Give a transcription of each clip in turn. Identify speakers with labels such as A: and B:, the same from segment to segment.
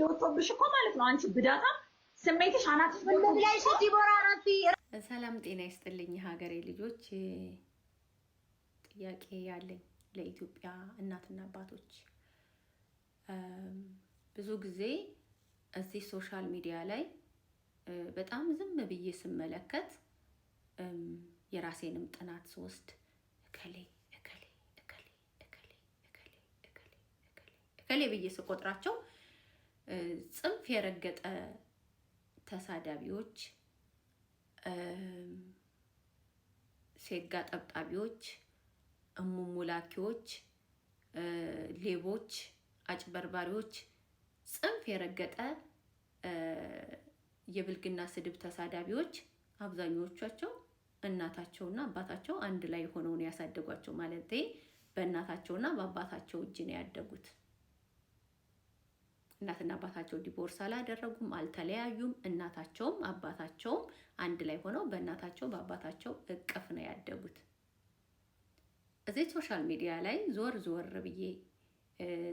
A: አናትሽ ነው ወጥቶብሽ እኮ ማለት ነው። አንቺ ብዳታ ስሜትሽ አናትሽ ነው ላይ ሽቲ
B: ሰላም ጤና ይስጥልኝ የሀገሬ ልጆች። ጥያቄ ያለኝ ለኢትዮጵያ እናትና አባቶች ብዙ ጊዜ እዚህ ሶሻል ሚዲያ ላይ በጣም ዝም ብዬ ስመለከት የራሴንም ጥናት ስወስድ እከሌ እከሌ እከሌ እከሌ እከሌ እከሌ እከሌ ብዬ ስቆጥራቸው ጽንፍ የረገጠ ተሳዳቢዎች፣ ሴጋ ጠብጣቢዎች፣ እሙሙላኪዎች፣ ሌቦች፣ አጭበርባሪዎች ጽንፍ የረገጠ የብልግና ስድብ ተሳዳቢዎች አብዛኞቻቸው እናታቸውና አባታቸው አንድ ላይ ሆነው ነው ያሳደጓቸው። ማለት በእናታቸውና በአባታቸው እጅ ነው ያደጉት። እናትና አባታቸው ዲቮርስ አላደረጉም፣ አልተለያዩም። እናታቸውም አባታቸውም አንድ ላይ ሆነው በእናታቸው በአባታቸው እቅፍ ነው ያደጉት። እዚህ ሶሻል ሚዲያ ላይ ዞር ዞር ብዬ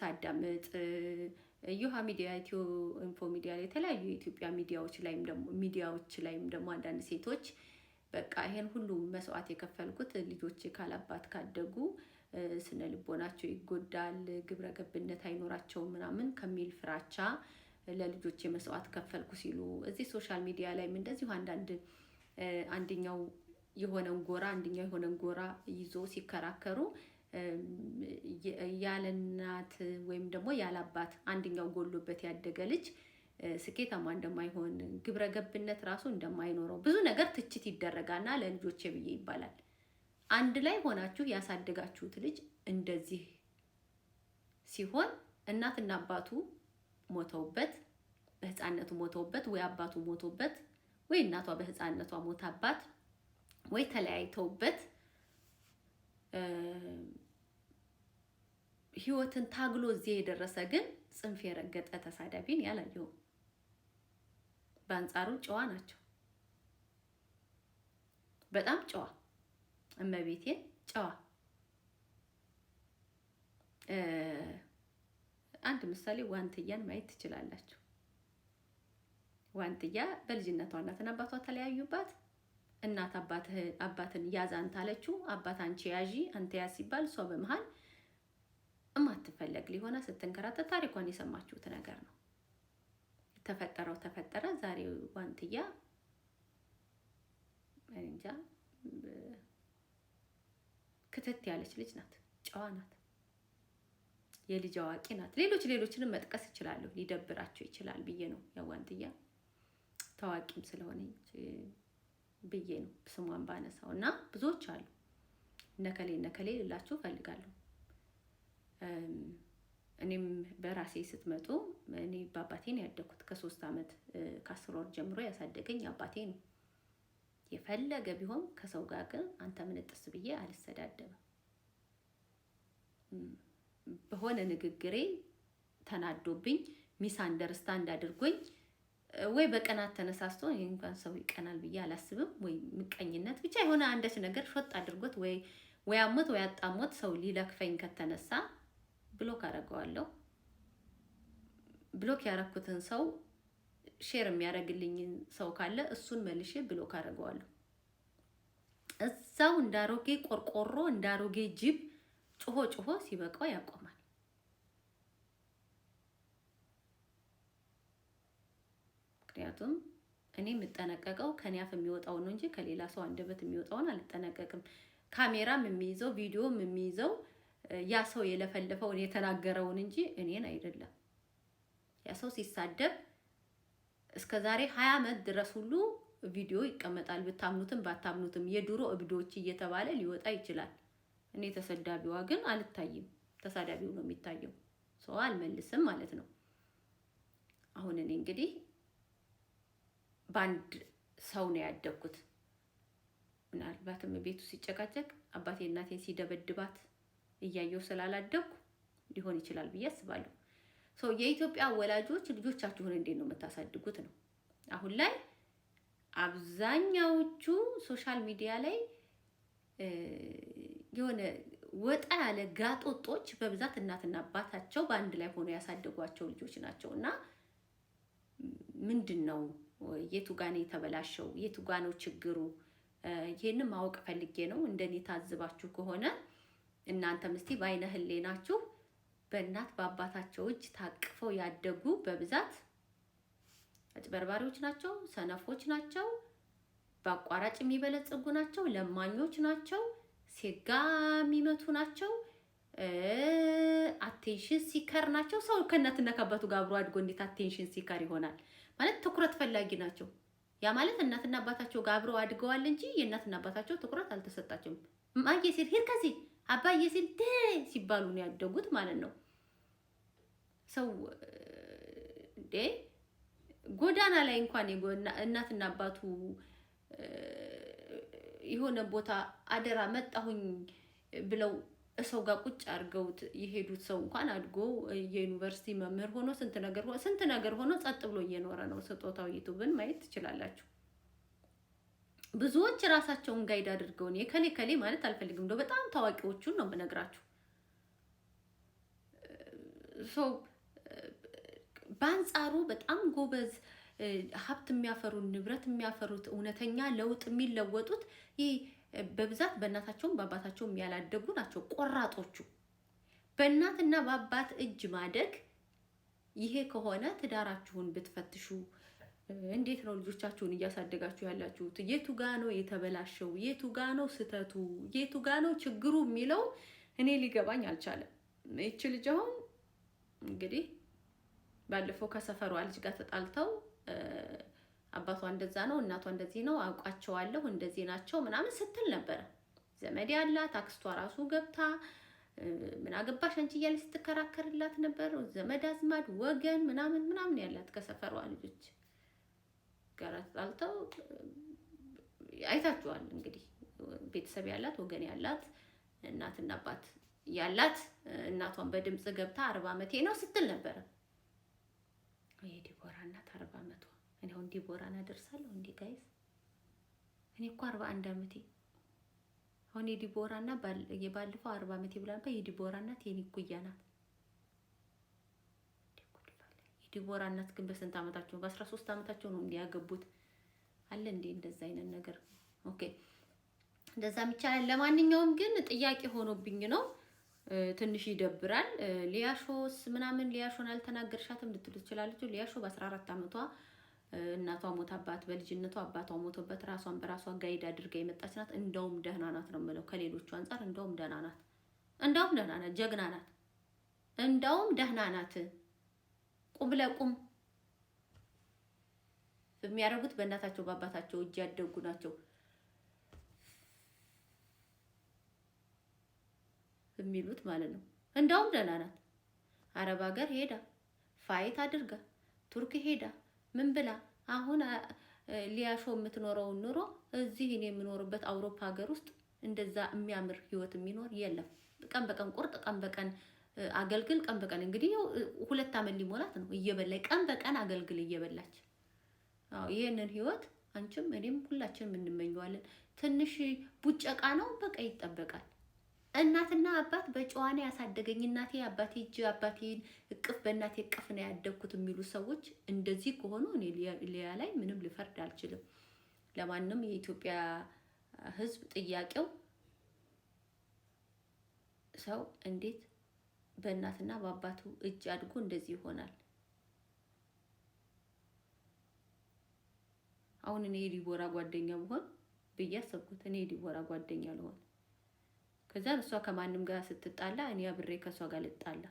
B: ሳዳምጥ ዮሃ ሚዲያ፣ ኢትዮ ኢንፎ ሚዲያ ላይ የተለያዩ የኢትዮጵያ ሚዲያዎች ላይም ደግሞ ሚዲያዎች ላይም ደግሞ አንዳንድ ሴቶች በቃ ይሄን ሁሉ መስዋዕት የከፈልኩት ልጆቼ ካላባት ካደጉ ስነ ልቦናቸው ይጎዳል፣ ግብረ ገብነት አይኖራቸውም ምናምን ከሚል ፍራቻ ለልጆች የመስዋዕት ከፈልኩ ሲሉ እዚህ ሶሻል ሚዲያ ላይም እንደዚሁ አንዳንድ አንደኛው የሆነን ጎራ አንደኛው የሆነን ጎራ ይዞ ሲከራከሩ ያለ እናት ወይም ደግሞ ያለ አባት አንደኛው ጎሎበት ያደገ ልጅ ስኬታማ እንደማይሆን ግብረ ገብነት ራሱ እንደማይኖረው ብዙ ነገር ትችት ይደረጋልና ለልጆቼ ብዬ ይባላል። አንድ ላይ ሆናችሁ ያሳደጋችሁት ልጅ እንደዚህ ሲሆን እናትና አባቱ ሞተውበት በህፃነቱ ሞተውበት ወይ አባቱ ሞቶበት ወይ እናቷ በህፃነቷ ሞታባት ወይ ተለያይተውበት ህይወትን ታግሎ እዚህ የደረሰ ግን ጽንፍ የረገጠ ተሳዳቢን ያላየውም። በአንጻሩ ጨዋ ናቸው፣ በጣም ጨዋ እመቤቴን ጨዋ አንድ ምሳሌ ዋንትያን ማየት ትችላላችሁ። ዋንትያ በልጅነቷ እናትና አባቷ ተለያዩባት። እናት አባትን ያዝ አንተ አለችው። አባት አንቺ ያዢ አንተ ያዝ ሲባል እሷ በመሀል እማትፈለግ ሊሆና ስትንከራተት ታሪኳን የሰማችሁት ነገር ነው። የተፈጠረው ተፈጠረ። ዛሬ ዋንትያ እንጃ ክተት ያለች ልጅ ናት። ጨዋ ናት። የልጅ አዋቂ ናት። ሌሎች ሌሎችንም መጥቀስ እችላለሁ። ሊደብራቸው ይችላል ብዬ ነው ያዋንትያ ታዋቂም ስለሆነች ብዬ ነው ስሟን ባነሳው እና ብዙዎች አሉ። እነከሌ እነከሌ ልላችሁ እፈልጋለሁ። እኔም በራሴ ስትመጡ እኔ በአባቴ ነው ያደግኩት። ከሶስት ዓመት ከአስር ወር ጀምሮ ያሳደገኝ አባቴ ነው። የፈለገ ቢሆን ከሰው ጋር ግን አንተ ምንጥስ ብዬ አልሰዳደብም። በሆነ ንግግሬ ተናዶብኝ ሚስ አንደርስታንድ አድርጎኝ ወይ በቀናት ተነሳስቶ እንኳን ሰው ይቀናል ብዬ አላስብም። ወይ ምቀኝነት ብቻ የሆነ አንዳች ነገር ሾጥ አድርጎት ወይ ወይ አሞት ወይ አጣሞት ሰው ሊለክፈኝ ከተነሳ ብሎክ አደርገዋለሁ። ብሎክ ያረኩትን ሰው ሼር የሚያደርግልኝን ሰው ካለ እሱን መልሼ ብሎክ አደርገዋለሁ። እዛው እንዳሮጌ ቆርቆሮ እንዳሮጌ ጅብ ጩሆ ጩሆ ሲበቃው ያቆማል። ምክንያቱም እኔ የምጠነቀቀው ከኔ አፍ የሚወጣውን ነው እንጂ ከሌላ ሰው አንደበት የሚወጣውን አልጠነቀቅም። ካሜራም የሚይዘው ቪዲዮም የሚይዘው ያ ሰው የለፈለፈውን የተናገረውን እንጂ እኔን አይደለም። ያ ሰው ሲሳደብ እስከ ዛሬ ሀያ ዓመት ድረስ ሁሉ ቪዲዮ ይቀመጣል። ብታምኑትም ባታምኑትም የድሮ እብዶች እየተባለ ሊወጣ ይችላል። እኔ ተሰዳቢዋ ግን አልታይም፣ ተሳዳቢው ነው የሚታየው። ሰው አልመልስም ማለት ነው። አሁን እኔ እንግዲህ በአንድ ሰው ነው ያደግኩት። ምናልባትም ቤቱ ሲጨቃጨቅ አባቴ እናቴን ሲደበድባት እያየው ስላላደግኩ ሊሆን ይችላል ብዬ አስባለሁ። የኢትዮጵያ ወላጆች ልጆቻችሁን እንዴት ነው የምታሳድጉት ነው። አሁን ላይ አብዛኛዎቹ ሶሻል ሚዲያ ላይ የሆነ ወጣ ያለ ጋጦጦች በብዛት እናትና አባታቸው በአንድ ላይ ሆነው ያሳደጓቸው ልጆች ናቸው እና ምንድን ነው የቱ ጋ ነው የተበላሸው? የቱ ጋ ነው ችግሩ? ይህን ማወቅ ፈልጌ ነው። እንደኔ ታዝባችሁ ከሆነ እናንተም እስቲ በአይነ ናችሁ? በእናት በአባታቸው እጅ ታቅፈው ያደጉ በብዛት አጭበርባሪዎች ናቸው፣ ሰነፎች ናቸው፣ በአቋራጭ የሚበለጽጉ ናቸው፣ ለማኞች ናቸው፣ ሴጋ የሚመቱ ናቸው፣ አቴንሽን ሲከር ናቸው። ሰው ከእናትና ከአባቱ ጋር አብሮ አድጎ እንዴት አቴንሽን ሲከር ይሆናል? ማለት ትኩረት ፈላጊ ናቸው። ያ ማለት እናትና አባታቸው ጋር አብረው አድገዋል እንጂ የእናትና አባታቸው ትኩረት አልተሰጣቸውም። ማጌ ሲል ሄድ ከዚህ አባዬ ሲል ሲባሉ ነው ያደጉት ማለት ነው። ሰው እንዴ ጎዳና ላይ እንኳን እናትና አባቱ የሆነ ቦታ አደራ መጣሁኝ ብለው ሰው ጋር ቁጭ አድርገውት የሄዱት ሰው እንኳን አድጎ የዩኒቨርሲቲ መምህር ሆኖ ስንት ነገር ሆኖ ስንት ነገር ሆኖ ጸጥ ብሎ እየኖረ ነው። ስጦታው ዩቱብን ማየት ትችላላችሁ። ብዙዎች ራሳቸውን ጋይድ አድርገውን የከሌ ከሌ ማለት አልፈልግም፣ እንደው በጣም ታዋቂዎቹን ነው የምነግራችሁ። በአንጻሩ በጣም ጎበዝ ሀብት የሚያፈሩን ንብረት የሚያፈሩት እውነተኛ ለውጥ የሚለወጡት ይህ በብዛት በእናታቸውም በአባታቸውም ያላደጉ ናቸው ቆራጦቹ። በእናትና በአባት እጅ ማደግ ይሄ ከሆነ ትዳራችሁን ብትፈትሹ እንዴት ነው ልጆቻችሁን እያሳደጋችሁ ያላችሁት? የቱ ጋ ነው የተበላሸው? የቱ ጋ ነው ስህተቱ? የቱ ጋ ነው ችግሩ የሚለው እኔ ሊገባኝ አልቻለም። ይቺ ልጅ አሁን እንግዲህ ባለፈው ከሰፈሯ ልጅ ጋር ተጣልተው አባቷ እንደዛ ነው እናቷ እንደዚህ ነው አውቃቸዋለሁ እንደዚህ ናቸው ምናምን ስትል ነበረ። ዘመድ ያላት አክስቷ ራሱ ገብታ ምን አገባሽ አንቺ እያለች ስትከራከርላት ነበር። ዘመድ አዝማድ ወገን ምናምን ምናምን ያላት ከሰፈሯ ልጆች ጋር ተጣልተው አይታችኋል። እንግዲህ ቤተሰብ ያላት ወገን ያላት እናትና አባት ያላት እናቷን በድምፅ ገብታ አርባ ዓመቴ ነው ስትል ነበረ። ይሄ ዲቦራ እናት አርባ ዓመቷ እኔ አሁን ዲቦራን አደርሳለሁ እንዴ እኔ እኮ አርባ አንድ ዓመቴ አሁን የዲቦራ እና የባለፈው አርባ ዓመቴ ብላ ነበር። የዲቦራ እናት የኔ እኩያ ናት። ዲቦራ እናት ግን በስንት ዓመታቸው በአስራ ሶስት ዓመታቸው ነው እንዲያገቡት አለ እንዴ? እንደዛ አይነት ነገር ኦኬ፣ እንደዛም ይቻላል። ለማንኛውም ግን ጥያቄ ሆኖብኝ ነው ትንሽ ይደብራል። ሊያሾስ ምናምን ሊያሾን አልተናገርሻትም ልትሉ ትችላለች። ሊያሾ በ14 ዓመቷ እናቷ ሞታባት በልጅነቷ አባቷ ሞቶበት ራሷን በራሷ ጋይድ አድርጋ የመጣች ናት። እንደውም ደህና ናት ነው የምለው ከሌሎቹ አንጻር እንደውም ደህና ናት። እንደውም ደህና ናት። ጀግና ናት። እንደውም ደህና ናት። ቁም ለቁም የሚያደርጉት በእናታቸው በአባታቸው እጅ ያደጉ ናቸው የሚሉት ማለት ነው። እንደውም ደህና ናት። አረብ ሀገር ሄዳ ፋይት አድርጋ ቱርክ ሄዳ ምን ብላ አሁን ሊያሾ የምትኖረውን ኑሮ እዚህ እኔ የምኖርበት አውሮፓ ሀገር ውስጥ እንደዛ የሚያምር ህይወት የሚኖር የለም። ቀን በቀን ቁርጥ ቀን በቀን አገልግል ቀን በቀን እንግዲህ ሁለት ዓመት ሊሞላት ነው እየበላች ቀን በቀን አገልግል እየበላች ይህንን ህይወት አንቺም እኔም ሁላችንም እንመኘዋለን። ትንሽ ቡጨቃ ነው በቃ ይጠበቃል። እናትና አባት በጨዋና ያሳደገኝ እናቴ አባቴ እጅ አባቴን እቅፍ በእናቴ እቅፍ ነው ያደግኩት የሚሉ ሰዎች እንደዚህ ከሆኑ እኔ ሊያ ላይ ምንም ልፈርድ አልችልም። ለማንም የኢትዮጵያ ህዝብ ጥያቄው ሰው እንዴት በእናትና በአባቱ እጅ አድጎ እንደዚህ ይሆናል። አሁን እኔ የዲቦራ ጓደኛ ብሆን ብዬ አሰብኩት። እኔ የዲቦራ ጓደኛ ልሆን፣ ከዛ እሷ ከማንም ጋር ስትጣላ እኔ አብሬ ከእሷ ጋር ልጣላ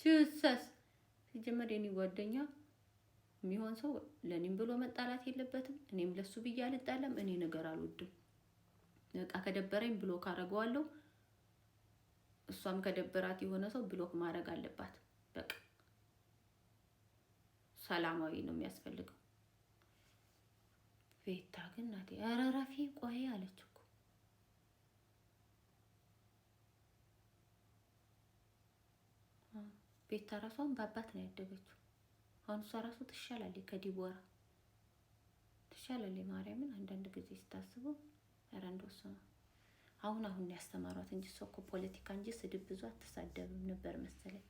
B: ችሰስ ሲጀመር የኔ ጓደኛ የሚሆን ሰው ለእኔም ብሎ መጣላት የለበትም። እኔም ለሱ ብዬ አልጣለም። እኔ ነገር አልወድም። በቃ ከደበረኝ ብሎክ አደርገዋለሁ። እሷም ከደበራት የሆነ ሰው ብሎክ ማድረግ አለባት። በቃ ሰላማዊ ነው የሚያስፈልገው። ቤታ ግን ናት። ኧረ ረፊ ቆይ አለች እኮ ቤታ ራሷን በአባት ነው ያደገችው። አሁን እሷ ራሱ ትሻላለች፣ ከዲቦራ ትሻላለች። ማርያምን አንዳንድ ጊዜ ስታስበው ኧረ እንደው እሱ ነው አሁን አሁን ያስተማሯት እንጂ እሷ እኮ ፖለቲካ እንጂ ስድብ ብዙ አትሳደብም ነበር መሰለኝ።